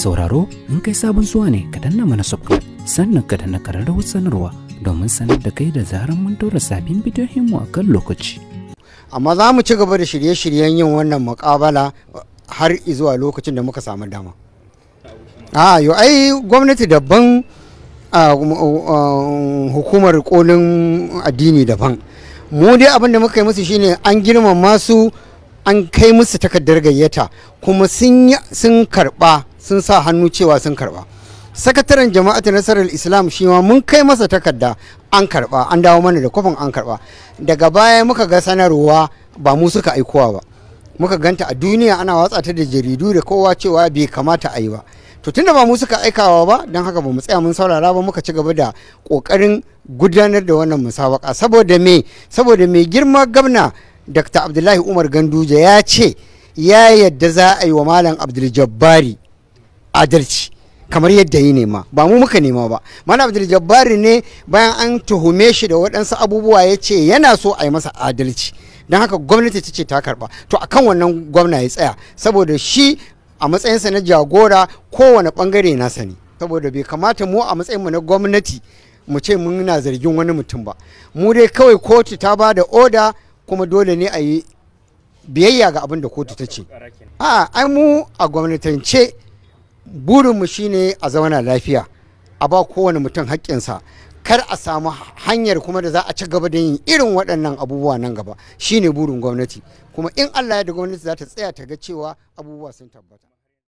sauraro in kai sabon zuwa ne ka danna mana subscribe sannan ka danna kararrawar sanarwa domin sanar da kai da zarar mun tura sabbin bidiyoyinmu a kan lokaci. Amma za mu ci gaba da shirye-shiryen yin wannan muƙabala har zuwa lokacin da muka samu dama. A yau ai gwamnati daban um, um, um, hukumar kolin addini daban. Mu dai abin da muka yi musu shine an girmama su an kai musu takardar gayyata kuma sun karɓa sun sa hannu cewa sun karba sakataren jama'atu nasarar islam shi ma mun kai masa takarda an karba an dawo mana da kofin an karba daga baya muka ga sanarwa ba mu suka aikowa ba muka ganta a duniya ana watsa ta da jaridu da kowa cewa bai kamata a yi ba to tunda ba mu suka aikawa ba don haka ba mu tsaya mun saurara ba muka ci gaba da kokarin gudanar da wannan musabaka saboda me saboda mai girma gwamna dr abdullahi umar Ganduja ya ce ya yadda za a yi wa malam abdul jabbari adalci kamar yadda yi nema ba mu muka nema ba mana abdul jabbari ne bayan an tuhume shi da waɗansu abubuwa ya ce yana so a yi masa adalci don haka gwamnati ta ce ta karba to a kan wannan gwamna ya tsaya saboda shi a matsayinsa na jagora kowane bangare na sani saboda bai kamata mu a matsayin mu na gwamnati mu ce muna zargin wani mutum ba mu dai kawai kotu ta ba da oda kuma dole ne a yi biyayya ga abin da kotu ta ce a ai mu a gwamnatance burinmu shine a zauna lafiya a ba kowane mutum haƙƙinsa kar a samu hanyar kuma da za a ci gaba da yin irin waɗannan abubuwa nan gaba shine burin gwamnati kuma in allah ya da gwamnati za ta tsaya ta ga cewa abubuwa sun tabbata